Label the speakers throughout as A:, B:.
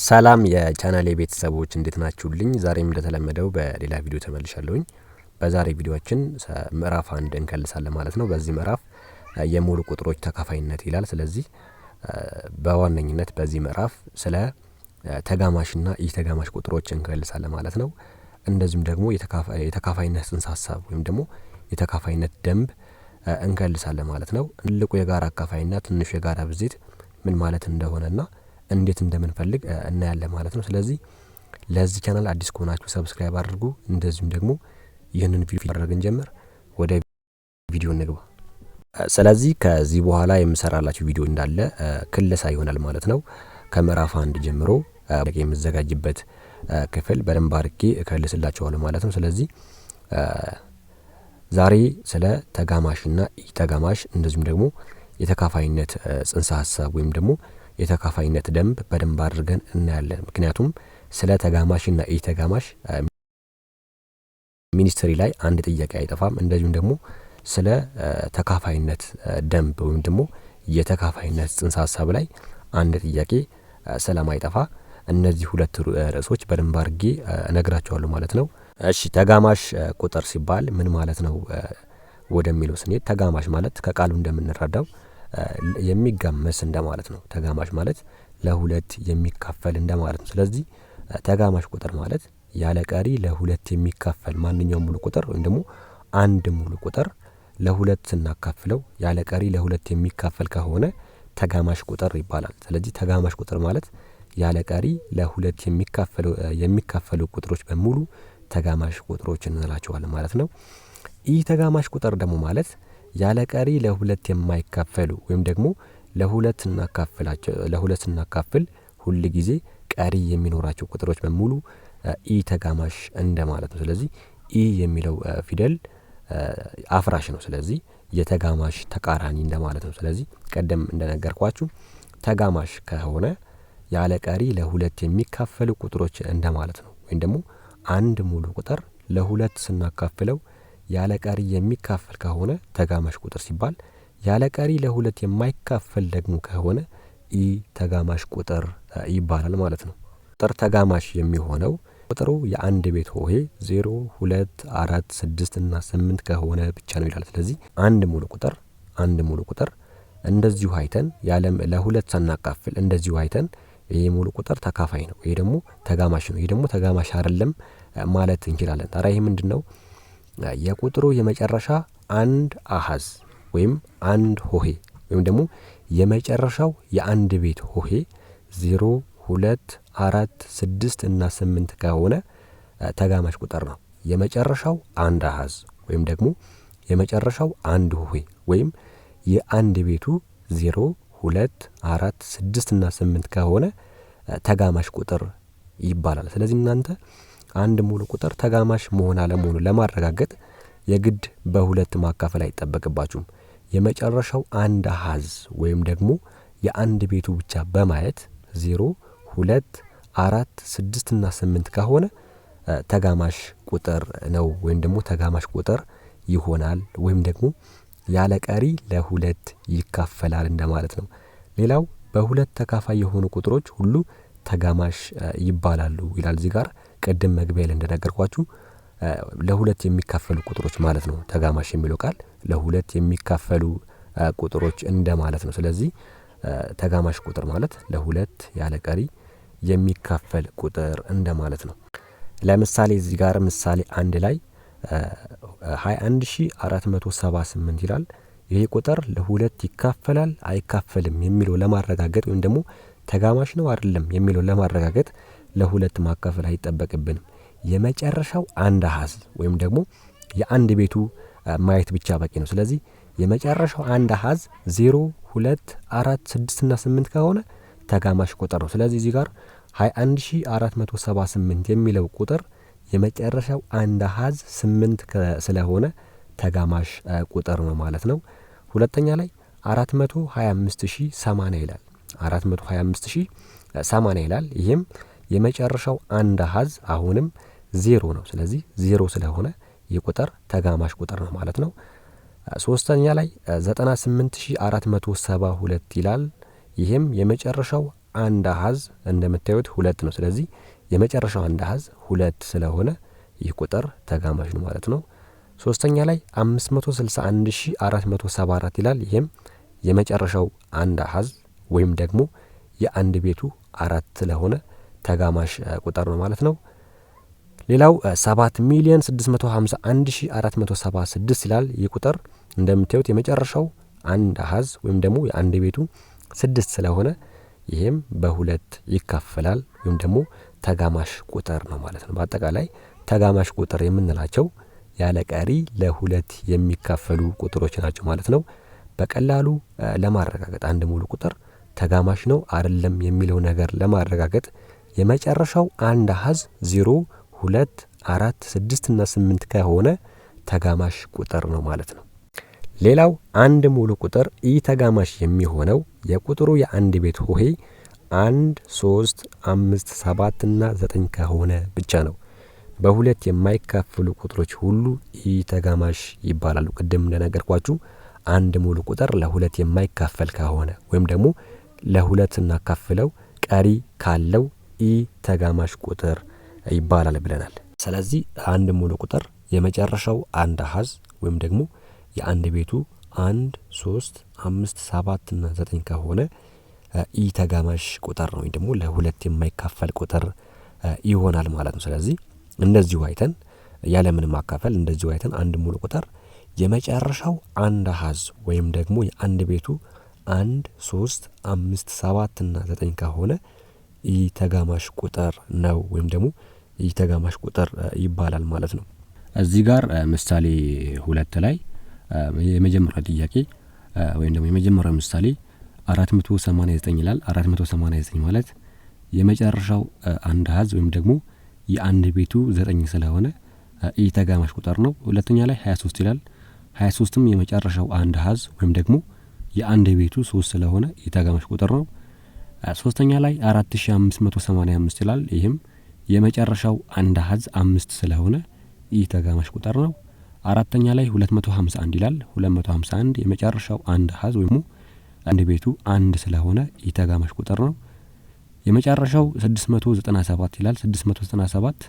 A: ሰላም የቻናሌ ቤተሰቦች እንዴት ናችሁልኝ? ዛሬም እንደተለመደው በሌላ ቪዲዮ ተመልሻለሁኝ። በዛሬ ቪዲዮችን ምዕራፍ አንድ እንከልሳለን ማለት ነው። በዚህ ምዕራፍ የሙሉ ቁጥሮች ተካፋይነት ይላል። ስለዚህ በዋነኝነት በዚህ ምዕራፍ ስለ ተጋማሽና ኢ ተጋማሽ ቁጥሮች እንከልሳለን ማለት ነው። እንደዚሁም ደግሞ የተካፋይነት ጽንሰ ሀሳብ ወይም ደግሞ የተካፋይነት ደንብ እንከልሳለን ማለት ነው። ትልቁ የጋራ አካፋይና ትንሹ የጋራ ብዜት ምን ማለት እንደሆነና እንዴት እንደምንፈልግ እናያለን ማለት ነው። ስለዚህ ለዚህ ቻናል አዲስ ከሆናችሁ ሰብስክራይብ አድርጉ። እንደዚሁም ደግሞ ይህንን ቪዲዮ ማድረግን ጀምር ወደ ቪዲዮ እንግባ። ስለዚህ ከዚህ በኋላ የምሰራላችሁ ቪዲዮ እንዳለ ክለሳ ይሆናል ማለት ነው። ከምዕራፍ አንድ ጀምሮ የምዘጋጅበት ክፍል በደንብ አድርጌ እከልስላችኋለሁ ማለት ነው። ስለዚህ ዛሬ ስለ ተጋማሽና ኢ ተጋማሽ እንደዚሁም ደግሞ የተካፋይነት ጽንሰ ሀሳብ ወይም ደግሞ የተካፋይነት ደንብ በደንብ አድርገን እናያለን። ምክንያቱም ስለ ተጋማሽና ኢተጋማሽ ተጋማሽ ሚኒስትሪ ላይ አንድ ጥያቄ አይጠፋም። እንደዚሁም ደግሞ ስለ ተካፋይነት ደንብ ወይም ደግሞ የተካፋይነት ጽንሰ ሀሳብ ላይ አንድ ጥያቄ ስለማይጠፋ እነዚህ ሁለት ርዕሶች በደንብ አድርጌ እነግራቸዋለሁ ማለት ነው። እሺ ተጋማሽ ቁጥር ሲባል ምን ማለት ነው ወደሚለው ስንሄድ ተጋማሽ ማለት ከቃሉ እንደምንረዳው የሚጋመስ እንደማለት ነው። ተጋማሽ ማለት ለሁለት የሚካፈል እንደማለት ነው። ስለዚህ ተጋማሽ ቁጥር ማለት ያለ ቀሪ ለሁለት የሚካፈል ማንኛውም ሙሉ ቁጥር ወይም ደግሞ አንድ ሙሉ ቁጥር ለሁለት ስናካፍለው ያለ ቀሪ ለሁለት የሚካፈል ከሆነ ተጋማሽ ቁጥር ይባላል። ስለዚህ ተጋማሽ ቁጥር ማለት ያለ ቀሪ ለሁለት የሚካፈሉ ቁጥሮች በሙሉ ተጋማሽ ቁጥሮች እንላቸዋለን ማለት ነው። ይህ ተጋማሽ ቁጥር ደግሞ ማለት ያለ ቀሪ ለሁለት የማይካፈሉ ወይም ደግሞ ለሁለት እናካፍላቸው ለሁለት ስናካፍል ሁል ጊዜ ቀሪ የሚኖራቸው ቁጥሮች በሙሉ ኢ ተጋማሽ እንደማለት ነው። ስለዚህ ኢ የሚለው ፊደል አፍራሽ ነው። ስለዚህ የተጋማሽ ተቃራኒ እንደማለት ነው። ስለዚህ ቀደም እንደነገርኳችሁ ተጋማሽ ከሆነ ያለ ቀሪ ለሁለት የሚካፈሉ ቁጥሮች እንደማለት ነው። ወይም ደግሞ አንድ ሙሉ ቁጥር ለሁለት ስናካፍለው ያለ ቀሪ የሚካፈል ከሆነ ተጋማሽ ቁጥር ሲባል ያለ ቀሪ ለሁለት የማይካፈል ደግሞ ከሆነ ኢ ተጋማሽ ቁጥር ይባላል ማለት ነው። ቁጥር ተጋማሽ የሚሆነው ቁጥሩ የአንድ ቤት ሆሄ ዜሮ ሁለት አራት ስድስት እና ስምንት ከሆነ ብቻ ነው ይላል። ስለዚህ አንድ ሙሉ ቁጥር አንድ ሙሉ ቁጥር እንደዚሁ አይተን ያለም ለሁለት ሳናካፍል እንደዚሁ አይተን ይህ ሙሉ ቁጥር ተካፋይ ነው፣ ይሄ ደግሞ ተጋማሽ ነው፣ ይሄ ደግሞ ተጋማሽ አይደለም ማለት እንችላለን። ታዲያ ይሄ ምንድን ነው? የቁጥሩ የመጨረሻ አንድ አሃዝ ወይም አንድ ሆሄ ወይም ደግሞ የመጨረሻው የአንድ ቤት ሆሄ ዜሮ ሁለት አራት ስድስት እና ስምንት ከሆነ ተጋማሽ ቁጥር ነው። የመጨረሻው አንድ አሃዝ ወይም ደግሞ የመጨረሻው አንድ ሆሄ ወይም የአንድ ቤቱ ዜሮ ሁለት አራት ስድስት እና ስምንት ከሆነ ተጋማሽ ቁጥር ይባላል። ስለዚህ እናንተ አንድ ሙሉ ቁጥር ተጋማሽ መሆን አለመሆኑን ለማረጋገጥ የግድ በሁለት ማካፈል አይጠበቅባችሁም። የመጨረሻው አንድ አሃዝ ወይም ደግሞ የአንድ ቤቱ ብቻ በማየት ዜሮ፣ ሁለት፣ አራት፣ ስድስት እና ስምንት ከሆነ ተጋማሽ ቁጥር ነው ወይም ደግሞ ተጋማሽ ቁጥር ይሆናል ወይም ደግሞ ያለ ቀሪ ለሁለት ይካፈላል እንደማለት ነው። ሌላው በሁለት ተካፋይ የሆኑ ቁጥሮች ሁሉ ተጋማሽ ይባላሉ ይላል እዚህ ጋር ቅድም መግቢያ ላይ እንደነገርኳችሁ ለሁለት የሚካፈሉ ቁጥሮች ማለት ነው። ተጋማሽ የሚለው ቃል ለሁለት የሚካፈሉ ቁጥሮች እንደማለት ነው። ስለዚህ ተጋማሽ ቁጥር ማለት ለሁለት ያለ ቀሪ የሚካፈል ቁጥር እንደማለት ነው። ለምሳሌ እዚህ ጋር ምሳሌ አንድ ላይ 21478 ይላል። ይህ ቁጥር ለሁለት ይካፈላል አይካፈልም የሚለው ለማረጋገጥ ወይም ደግሞ ተጋማሽ ነው አይደለም የሚለው ለማረጋገጥ ለሁለት ማካፈል አይጠበቅብንም። የመጨረሻው አንድ አሃዝ ወይም ደግሞ የአንድ ቤቱ ማየት ብቻ በቂ ነው። ስለዚህ የመጨረሻው አንድ አሃዝ ዜሮ ሁለት አራት እና ስምንት ከሆነ ተጋማሽ ቁጥር ነው። ስለዚህ እዚህ ጋር 21478 የሚለው ቁጥር የመጨረሻው አንድ አሃዝ ስምንት ስለሆነ ተጋማሽ ቁጥር ነው ማለት ነው። ሁለተኛ ላይ 425080 ይላል 425080 ይላል ይህም የመጨረሻው አንድ አሃዝ አሁንም ዜሮ ነው። ስለዚህ ዜሮ ስለሆነ ቁጥር ተጋማሽ ቁጥር ነው ማለት ነው። ሶስተኛ ላይ 98472 ይላል። ይህም የመጨረሻው አንድ አሃዝ እንደምታዩት ሁለት ነው። ስለዚህ የመጨረሻው አንድ አሃዝ ሁለት ስለሆነ ይህ ቁጥር ተጋማሽ ነው ማለት ነው። ሶስተኛ ላይ 561474 ይላል። ይህም የመጨረሻው አንድ አሃዝ ወይም ደግሞ የአንድ ቤቱ አራት ስለሆነ ተጋማሽ ቁጥር ነው ማለት ነው። ሌላው 7 ሚሊዮን 651476 ይላል። ይህ ቁጥር እንደምታዩት የመጨረሻው አንድ አሀዝ ወይም ደግሞ የአንድ ቤቱ ስድስት ስለሆነ ይህም በሁለት ይካፈላል ወይም ደግሞ ተጋማሽ ቁጥር ነው ማለት ነው። በአጠቃላይ ተጋማሽ ቁጥር የምንላቸው ያለ ቀሪ ለሁለት የሚካፈሉ ቁጥሮች ናቸው ማለት ነው። በቀላሉ ለማረጋገጥ አንድ ሙሉ ቁጥር ተጋማሽ ነው አይደለም የሚለው ነገር ለማረጋገጥ የመጨረሻው አንድ አሃዝ 0፣ 2፣ 4፣ 6 እና 8 ከሆነ ተጋማሽ ቁጥር ነው ማለት ነው። ሌላው አንድ ሙሉ ቁጥር ኢ ተጋማሽ የሚሆነው የቁጥሩ የአንድ ቤት ሆሄ 1 3 5 7 እና 9 ከሆነ ብቻ ነው። በሁለት የማይካፈሉ ቁጥሮች ሁሉ ኢ ተጋማሽ ይባላሉ። ቅድም እንደነገርኳችሁ አንድ ሙሉ ቁጥር ለሁለት የማይካፈል ከሆነ ወይም ደግሞ ለሁለት እናካፍለው ቀሪ ካለው ኢ ተጋማሽ ቁጥር ይባላል ብለናል። ስለዚህ አንድ ሙሉ ቁጥር የመጨረሻው አንድ አሀዝ ወይም ደግሞ የአንድ ቤቱ አንድ ሶስት አምስት ሰባት እና ዘጠኝ ከሆነ ኢ ተጋማሽ ቁጥር ነው ወይም ደግሞ ለሁለት የማይካፈል ቁጥር ይሆናል ማለት ነው። ስለዚህ እንደዚሁ አይተን ያለምንም ማካፈል እንደዚሁ አይተን አንድ ሙሉ ቁጥር የመጨረሻው አንድ አሀዝ ወይም ደግሞ የአንድ ቤቱ አንድ ሶስት አምስት ሰባት እና ዘጠኝ ከሆነ ኢ ተጋማሽ ቁጥር ነው ወይም ደግሞ ኢተጋማሽ ቁጥር ይባላል ማለት ነው። እዚህ ጋር ምሳሌ ሁለት ላይ የመጀመሪያ ጥያቄ ወይም ደግሞ የመጀመሪያው ምሳሌ አራት መቶ ሰማኒያ ዘጠኝ ይላል። አራት መቶ ሰማኒያ ዘጠኝ ማለት የመጨረሻው አንድ አሃዝ ወይም ደግሞ የአንድ ቤቱ ዘጠኝ ስለሆነ ኢተጋማሽ ቁጥር ነው። ሁለተኛ ላይ ሀያ ሶስት ይላል። ሀያ ሶስትም የመጨረሻው አንድ አሃዝ ወይም ደግሞ የአንድ ቤቱ ሶስት ስለሆነ ኢተጋማሽ ቁጥር ነው። ሶስተኛ ላይ 4585 ይላል። ይህም የመጨረሻው አንድ አሀዝ አምስት ስለሆነ ይህ ተጋማሽ ቁጥር ነው። አራተኛ ላይ 251 ይላል። 251 የመጨረሻው አንድ አሀዝ ወይም አንድ ቤቱ አንድ ስለሆነ ይህ ተጋማሽ ቁጥር ነው። የመጨረሻው 697 ይላል። 697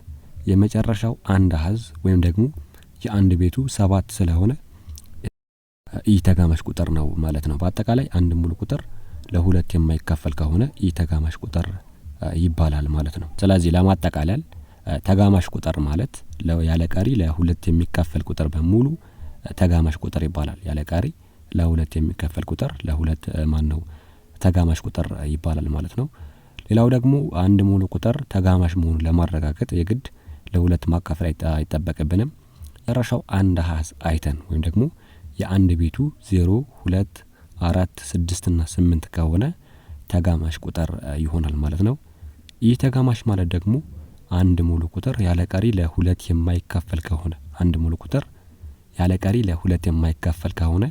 A: የመጨረሻው አንድ አሀዝ ወይም ደግሞ የአንድ ቤቱ ሰባት ስለሆነ ይህ ተጋማሽ ቁጥር ነው ማለት ነው። በአጠቃላይ አንድ ሙሉ ቁጥር ለሁለት የማይካፈል ከሆነ ይህ ተጋማሽ ቁጥር ይባላል ማለት ነው። ስለዚህ ለማጠቃለል ተጋማሽ ቁጥር ማለት ያለ ቀሪ ለሁለት የሚካፈል ቁጥር በሙሉ ተጋማሽ ቁጥር ይባላል። ያለ ቀሪ ለሁለት የሚካፈል ቁጥር ለሁለት ማን ነው ተጋማሽ ቁጥር ይባላል ማለት ነው። ሌላው ደግሞ አንድ ሙሉ ቁጥር ተጋማሽ መሆኑን ለማረጋገጥ የግድ ለሁለት ማካፈል አይጠበቅብንም። መጨረሻው አንድ አሃዝ አይተን ወይም ደግሞ የአንድ ቤቱ ዜሮ ሁለት አራት ስድስት እና ስምንት ከሆነ ተጋማሽ ቁጥር ይሆናል ማለት ነው። ይህ ተጋማሽ ማለት ደግሞ አንድ ሙሉ ቁጥር ያለ ቀሪ ለሁለት የማይካፈል ከሆነ አንድ ሙሉ ቁጥር ያለ ቀሪ ለሁለት የማይካፈል ከሆነ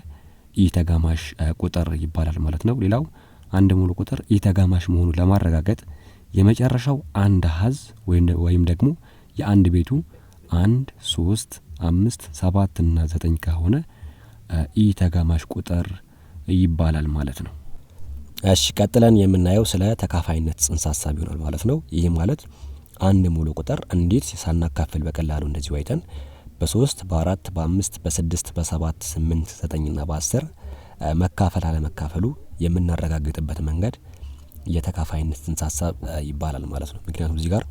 A: ኢ ተጋማሽ ቁጥር ይባላል ማለት ነው። ሌላው አንድ ሙሉ ቁጥር ኢ ተጋማሽ መሆኑን ለማረጋገጥ የመጨረሻው አንድ አሃዝ ወይም ደግሞ የአንድ ቤቱ አንድ፣ ሶስት፣ አምስት፣ ሰባት እና ዘጠኝ ከሆነ ኢ ተጋማሽ ቁጥር ይባላል ማለት ነው። እሺ ቀጥለን የምናየው ስለ ተካፋይነት ጽንሰ ሀሳብ ይሆናል ማለት ነው። ይህ ማለት አንድ ሙሉ ቁጥር እንዴት ሳናካፍል በቀላሉ እንደዚሁ አይተን በሶስት በአራት በአምስት በስድስት በሰባት ስምንት ዘጠኝና በአስር መካፈል አለመካፈሉ የምናረጋግጥበት መንገድ የተካፋይነት ጽንሰ ሀሳብ ይባላል ማለት ነው። ምክንያቱም እዚህ ጋር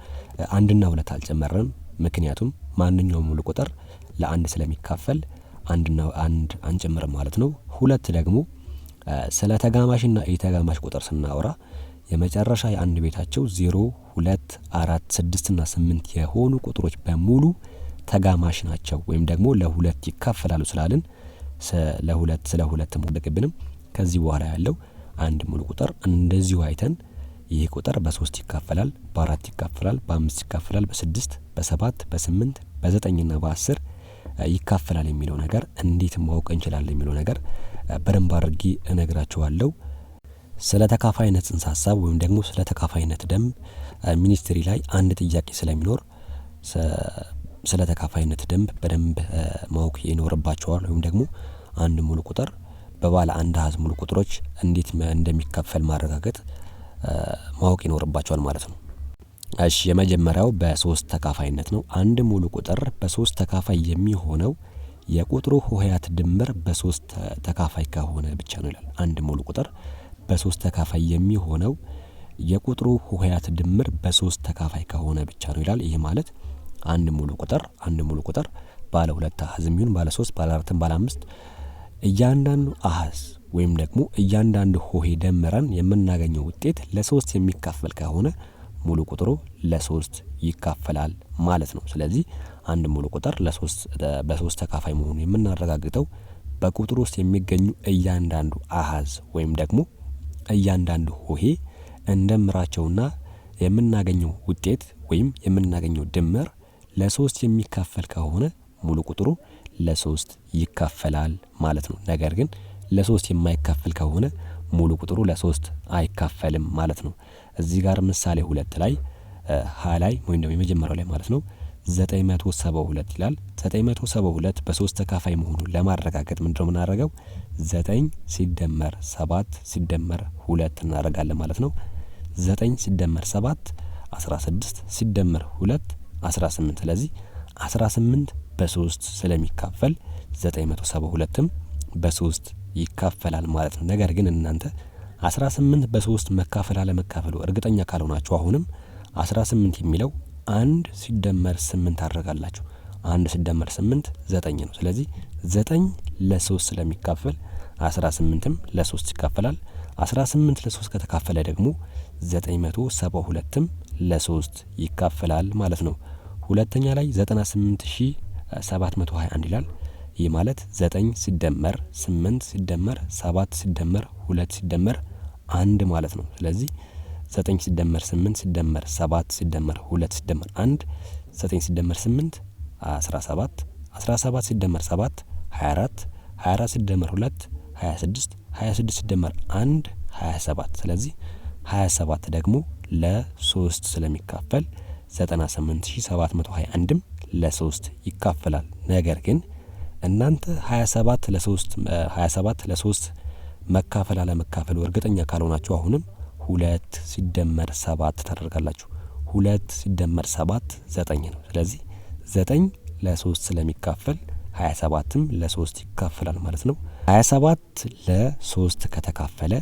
A: አንድና ሁለት አልጨመረም። ምክንያቱም ማንኛውም ሙሉ ቁጥር ለአንድ ስለሚካፈል አንድና አንድ አንጨምርም ማለት ነው። ሁለት ደግሞ ስለ ተጋማሽና የተጋማሽ ቁጥር ስናወራ የመጨረሻ የአንድ ቤታቸው ዜሮ ሁለት አራት ስድስትና እና ስምንት የሆኑ ቁጥሮች በሙሉ ተጋማሽ ናቸው ወይም ደግሞ ለሁለት ይካፈላሉ ስላልን ለሁለት ስለ ሁለት መውደቅብንም ከዚህ በኋላ ያለው አንድ ሙሉ ቁጥር እንደዚሁ አይተን ይህ ቁጥር በሶስት ይካፈላል፣ በአራት ይካፈላል፣ በአምስት ይካፈላል፣ በስድስት በሰባት በስምንት በዘጠኝና በአስር ይካፈላል የሚለው ነገር እንዴት ማወቅ እንችላለን የሚለው ነገር በደንብ አድርጌ እነግራችኋለሁ። ስለ ተካፋይነት ጽንሰ ሀሳብ ወይም ደግሞ ስለ ተካፋይነት ደንብ ሚኒስትሪ ላይ አንድ ጥያቄ ስለሚኖር ስለ ተካፋይነት ደንብ በደንብ ማወቅ ይኖርባቸዋል። ወይም ደግሞ አንድ ሙሉ ቁጥር በባለ አንድ አሃዝ ሙሉ ቁጥሮች እንዴት እንደሚካፈል ማረጋገጥ ማወቅ ይኖርባቸዋል ማለት ነው። እሺ የመጀመሪያው በሶስት ተካፋይነት ነው። አንድ ሙሉ ቁጥር በሶስት ተካፋይ የሚሆነው የቁጥሩ ሆሄያት ድምር በሶስት ተካፋይ ከሆነ ብቻ ነው ይላል። አንድ ሙሉ ቁጥር በሶስት ተካፋይ የሚሆነው የቁጥሩ ሆሄያት ድምር በሶስት ተካፋይ ከሆነ ብቻ ነው ይላል። ይህ ማለት አንድ ሙሉ ቁጥር አንድ ሙሉ ቁጥር ባለ ሁለት አሀዝ የሚሆን ባለ ሶስት ባለ አራትም ባለ አምስት እያንዳንዱ አሀዝ ወይም ደግሞ እያንዳንዱ ሆሄ ደምረን የምናገኘው ውጤት ለሶስት የሚካፈል ከሆነ ሙሉ ቁጥሩ ለሶስት ይካፈላል ማለት ነው። ስለዚህ አንድ ሙሉ ቁጥር ለሶስት በሶስት ተካፋይ መሆኑን የምናረጋግጠው በቁጥሩ ውስጥ የሚገኙ እያንዳንዱ አሃዝ ወይም ደግሞ እያንዳንዱ ሆሄ እንደምራቸውና የምናገኘው ውጤት ወይም የምናገኘው ድምር ለሶስት የሚካፈል ከሆነ ሙሉ ቁጥሩ ለሶስት ይካፈላል ማለት ነው። ነገር ግን ለሶስት የማይካፈል ከሆነ ሙሉ ቁጥሩ ለሶስት አይካፈልም ማለት ነው። እዚህ ጋር ምሳሌ ሁለት ላይ ሀ ላይ ወይም ደግሞ የመጀመሪያው ላይ ማለት ነው ዘጠኝ መቶ ሰባ ሁለት ይላል። ዘጠኝ መቶ ሰባ ሁለት በሶስት ተካፋይ መሆኑን ለማረጋገጥ ምንድነው የምናደርገው? ዘጠኝ ሲደመር ሰባት ሲደመር ሁለት እናደርጋለን ማለት ነው። ዘጠኝ ሲደመር ሰባት አስራ ስድስት ሲደመር ሁለት አስራ ስምንት ስለዚህ አስራ ስምንት በሶስት ስለሚካፈል ዘጠኝ መቶ ሰባ ሁለትም በሶስት ይካፈላል ማለት ነው። ነገር ግን እናንተ 18 በሶስት መካፈል አለመካፈሉ እርግጠኛ ካልሆናችሁ አሁንም 18 የሚለው አንድ ሲደመር 8 አድርጋላችሁ አንድ ሲደመር 8 ዘጠኝ ነው። ስለዚህ ዘጠኝ ለሶስት ስለሚካፈል 18ም ለሶስት ይካፈላል። 18 ለሶስት ከተካፈለ ደግሞ 972ም ለሶስት ይካፈላል ማለት ነው። ሁለተኛ ላይ 98721 ይላል። ይህ ማለት 9 ሲደመር 8 ሲደመር 7 ሲደመር 2 ሲደመር አንድ ማለት ነው። ስለዚህ ዘጠኝ ሲደመር ስምንት ሲደመር ሰባት ሲደመር ሁለት ሲደመር አንድ ዘጠኝ ሲደመር ስምንት አስራ ሰባት አስራ ሰባት ሲደመር ሰባት ሀያ አራት ሀያ አራት ሲደመር ሁለት ሀያ ስድስት ሀያ ስድስት ሲደመር አንድ ሀያ ሰባት ስለዚህ ሀያ ሰባት ደግሞ ለሶስት ስለሚካፈል ዘጠና ስምንት ሺ ሰባት መቶ ሀያ አንድም ለሶስት ይካፈላል። ነገር ግን እናንተ ሀያ ሰባት ለሶስት ሀያ ሰባት ለሶስት መካፈል አለመካፈሉ እርግጠኛ ካልሆናችሁ አሁንም ሁለት ሲደመር ሰባት ታደርጋላችሁ። ሁለት ሲደመር ሰባት ዘጠኝ ነው። ስለዚህ ዘጠኝ ለሶስት ስለሚካፈል ሀያ ሰባትም ለሶስት ይካፈላል ማለት ነው። ሀያ ሰባት ለሶስት ከተካፈለ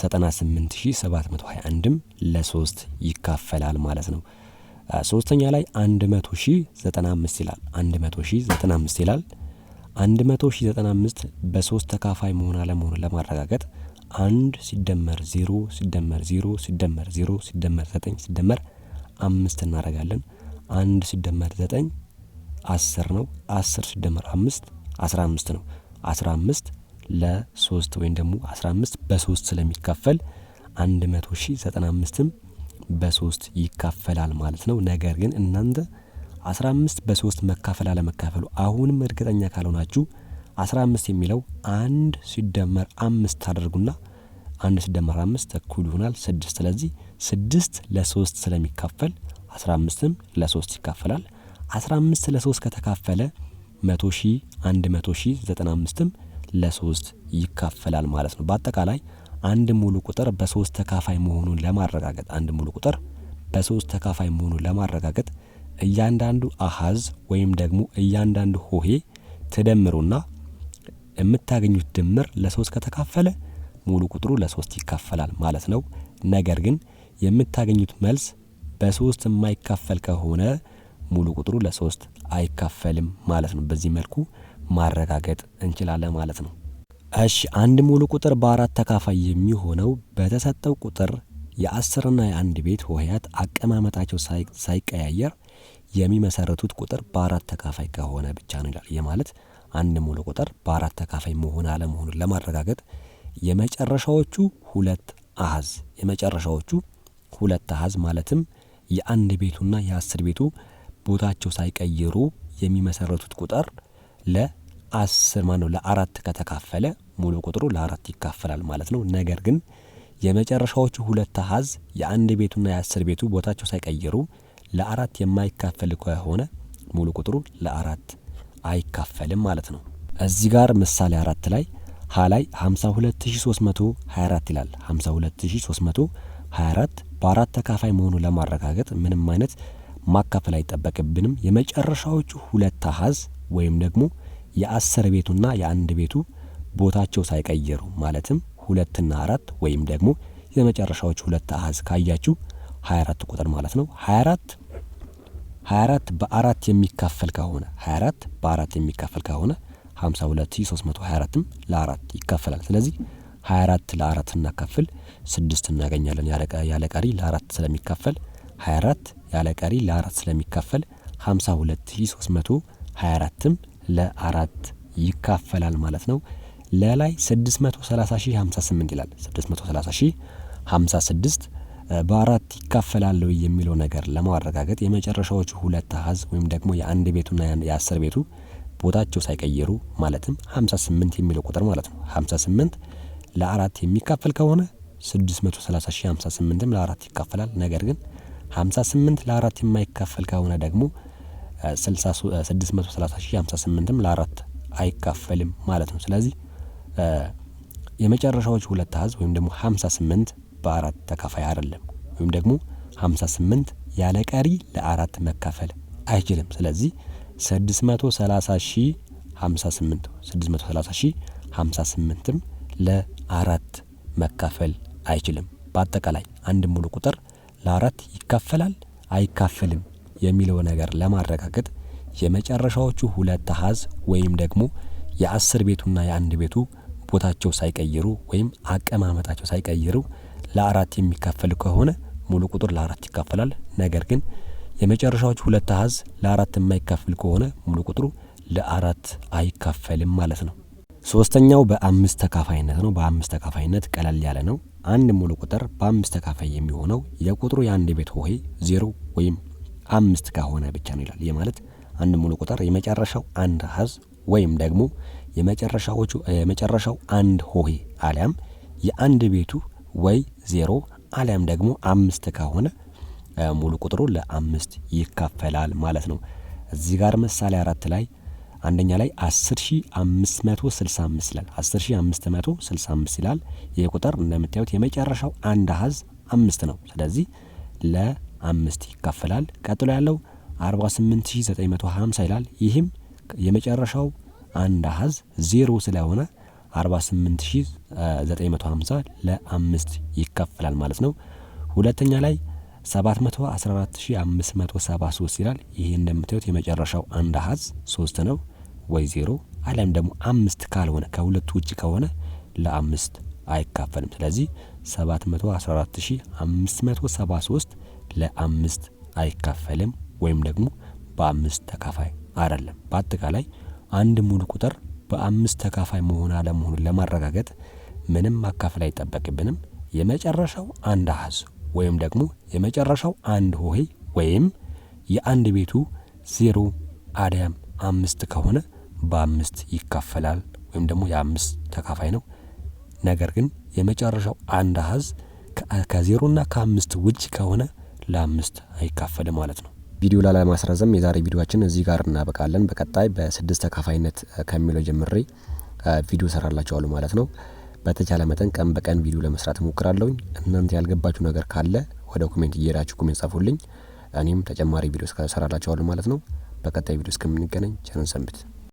A: ዘጠና ስምንት ሺ ሰባት መቶ ሀያ አንድም ለሶስት ይካፈላል ማለት ነው። ሶስተኛ ላይ አንድ መቶ ሺ ዘጠና አምስት ይላል። አንድ መቶ ሺ ዘጠና አምስት ይላል። 195 በ3 ተካፋይ መሆን አለመሆኑን ለማረጋገጥ 1 ሲደመር 0 ሲደመር 0 ሲደመር 0 ሲደመር 9 ሲደመር 5 እናደርጋለን። 1 ሲደመር 9 10 ነው። 10 ሲደመር 5 15 ነው። 15 ለ3 ወይም ደግሞ 15 በ3 ስለሚካፈል 195ም በ3 ይካፈላል ማለት ነው። ነገር ግን እናንተ 15 በ3 መካፈል አለመካፈሉ አሁንም እርግጠኛ ካልሆናችሁ 15 የሚለው አንድ ሲደመር አምስት ታደርጉና አንድ ሲደመር አምስት እኩል ይሆናል ስድስት ስለዚህ ስድስት ለሶስት ስለሚካፈል 15ም ለሶስት ይካፈላል 15 ለሶስት ከተካፈለ 100 ሺ 100 ሺ 95ም ለሶስት ይካፈላል ማለት ነው በአጠቃላይ አንድ ሙሉ ቁጥር በሶስት ተካፋይ መሆኑን ለማረጋገጥ አንድ ሙሉ ቁጥር በሶስት ተካፋይ መሆኑን ለማረጋገጥ እያንዳንዱ አሃዝ ወይም ደግሞ እያንዳንዱ ሆሄ ተደምሮና የምታገኙት ድምር ለሶስት ከተካፈለ ሙሉ ቁጥሩ ለሶስት ይካፈላል ማለት ነው። ነገር ግን የምታገኙት መልስ በሶስት የማይካፈል ከሆነ ሙሉ ቁጥሩ ለሶስት አይካፈልም ማለት ነው። በዚህ መልኩ ማረጋገጥ እንችላለን ማለት ነው። እሺ አንድ ሙሉ ቁጥር በአራት ተካፋይ የሚሆነው በተሰጠው ቁጥር የአስርና የአንድ ቤት ሆሄያት አቀማመጣቸው ሳይቀያየር የሚመሰረቱት ቁጥር በአራት ተካፋይ ከሆነ ብቻ ነው ይላል። ይህ ማለት አንድ ሙሉ ቁጥር በአራት ተካፋይ መሆን አለመሆኑን ለማረጋገጥ የመጨረሻዎቹ ሁለት አሃዝ የመጨረሻዎቹ ሁለት አሃዝ ማለትም የአንድ ቤቱና የአስር ቤቱ ቦታቸው ሳይቀይሩ የሚመሰረቱት ቁጥር ለአስር ማ ነው። ለአራት ከተካፈለ ሙሉ ቁጥሩ ለአራት ይካፈላል ማለት ነው። ነገር ግን የመጨረሻዎቹ ሁለት አሃዝ የአንድ ቤቱና የአስር ቤቱ ቦታቸው ሳይቀይሩ ለአራት የማይካፈል ከሆነ ሙሉ ቁጥሩ ለአራት አይካፈልም ማለት ነው። እዚህ ጋር ምሳሌ አራት ላይ ሀ ላይ 52324 ይላል። 52324 በአራት ተካፋይ መሆኑን ለማረጋገጥ ምንም አይነት ማካፈል አይጠበቅብንም። የመጨረሻዎቹ ሁለት አሀዝ ወይም ደግሞ የአስር ቤቱና የአንድ ቤቱ ቦታቸው ሳይቀየሩ ማለትም ሁለትና አራት ወይም ደግሞ የመጨረሻዎች ሁለት አሀዝ ካያችሁ 24 ቁጥር ማለት ነው 24 24 በአራት የሚካፈል ከሆነ 24 በአራት የሚካፈል ከሆነ 52324ም ለአራት ይካፈላል። ስለዚህ 24 ለአራት እናካፍል ስድስት እናገኛለን። ያለቀሪ ለአራት ስለሚካፈል 24 ያለቀሪ ለአራት ስለሚካፈል 52324ም ለአራት ይካፈላል ማለት ነው። ለላይ 630058 ይላል 630056 በአራት ይካፈላል የሚለው ነገር ለማረጋገጥ የመጨረሻዎቹ ሁለት አሃዝ ወይም ደግሞ የአንድ ቤቱና የአስር ቤቱ ቦታቸው ሳይቀይሩ ማለትም 58 የሚለው ቁጥር ማለት ነው። 58 ለአራት የሚካፈል ከሆነ 630058ም ለአራት ይካፈላል። ነገር ግን 58 ለአራት የማይካፈል ከሆነ ደግሞ 630058ም ለአራት አይካፈልም ማለት ነው። ስለዚህ የመጨረሻዎች ሁለት አሃዝ ወይም ደግሞ 58 በአራት ተካፋይ አይደለም ወይም ደግሞ 58 ያለ ቀሪ ለአራት መካፈል አይችልም። ስለዚህ 630 ሺ 58 630 ሺ 58ም ለአራት መካፈል አይችልም። በአጠቃላይ አንድ ሙሉ ቁጥር ለአራት ይካፈላል አይካፈልም የሚለው ነገር ለማረጋገጥ የመጨረሻዎቹ ሁለት አሃዝ ወይም ደግሞ የአስር ቤቱና የአንድ ቤቱ ቦታቸው ሳይቀይሩ ወይም አቀማመጣቸው ሳይቀይሩ ለአራት የሚካፈል ከሆነ ሙሉ ቁጥር ለአራት ይካፈላል። ነገር ግን የመጨረሻዎቹ ሁለት አሀዝ ለአራት የማይካፈል ከሆነ ሙሉ ቁጥሩ ለአራት አይካፈልም ማለት ነው። ሶስተኛው በአምስት ተካፋይነት ነው። በአምስት ተካፋይነት ቀለል ያለ ነው። አንድ ሙሉ ቁጥር በአምስት ተካፋይ የሚሆነው የቁጥሩ የአንድ ቤት ሆሄ ዜሮ ወይም አምስት ከሆነ ብቻ ነው ይላል። ይህ ማለት አንድ ሙሉ ቁጥር የመጨረሻው አንድ አሃዝ ወይም ደግሞ የመጨረሻዎቹ የመጨረሻው አንድ ሆሄ አሊያም የአንድ ቤቱ ወይ ዜሮ አሊያም ደግሞ አምስት ከሆነ ሙሉ ቁጥሩ ለአምስት ይካፈላል ማለት ነው። እዚህ ጋር ምሳሌ አራት ላይ አንደኛ ላይ 10565 ይላል 10565 ይላል። ይህ ቁጥር እንደምታዩት የመጨረሻው አንድ አሃዝ አምስት ነው። ስለዚህ ለአምስት ይካፈላል። ቀጥሎ ያለው 48950 ይላል። ይህም የመጨረሻው አንድ አሃዝ ዜሮ ስለሆነ 48950 ለአምስት ይከፈላል ማለት ነው። ሁለተኛ ላይ 714573 ይላል። ይህ እንደምታዩት የመጨረሻው አንድ አሃዝ ሶስት ነው ወይ ዜሮ አሊያም ደግሞ አምስት ካልሆነ ከሁለት ውጭ ከሆነ ለአምስት አይካፈልም። ስለዚህ 714573 ለአምስት አይካፈልም ወይም ደግሞ በአምስት ተካፋይ አይደለም። በአጠቃላይ አንድ ሙሉ ቁጥር በአምስት ተካፋይ መሆን አለመሆኑን ለማረጋገጥ ምንም ማካፈል አይጠበቅብንም። የመጨረሻው አንድ አሃዝ ወይም ደግሞ የመጨረሻው አንድ ሆሄ ወይም የአንድ ቤቱ ዜሮ አዳያም አምስት ከሆነ በአምስት ይካፈላል ወይም ደግሞ የአምስት ተካፋይ ነው። ነገር ግን የመጨረሻው አንድ አሃዝ ከዜሮና ከአምስት ውጭ ከሆነ ለአምስት አይካፈልም ማለት ነው። ቪዲዮ ላይ ለማስረዘም የዛሬ ቪዲዮችን እዚህ ጋር እናበቃለን። በቀጣይ በስድስት ተካፋይነት ከሚለው ጀምሬ ቪዲዮ ሰራላችኋለሁ ማለት ነው። በተቻለ መጠን ቀን በቀን ቪዲዮ ለመስራት እሞክራለሁኝ። እናንተ ያልገባችሁ ነገር ካለ ወደ ኮሜንት እየሄዳችሁ ኮሜንት ጻፉልኝ። እኔም ተጨማሪ ቪዲዮ ሰራላችኋለሁ ማለት ነው። በቀጣይ ቪዲዮ እስከምንገናኝ ቸርን ሰንብት።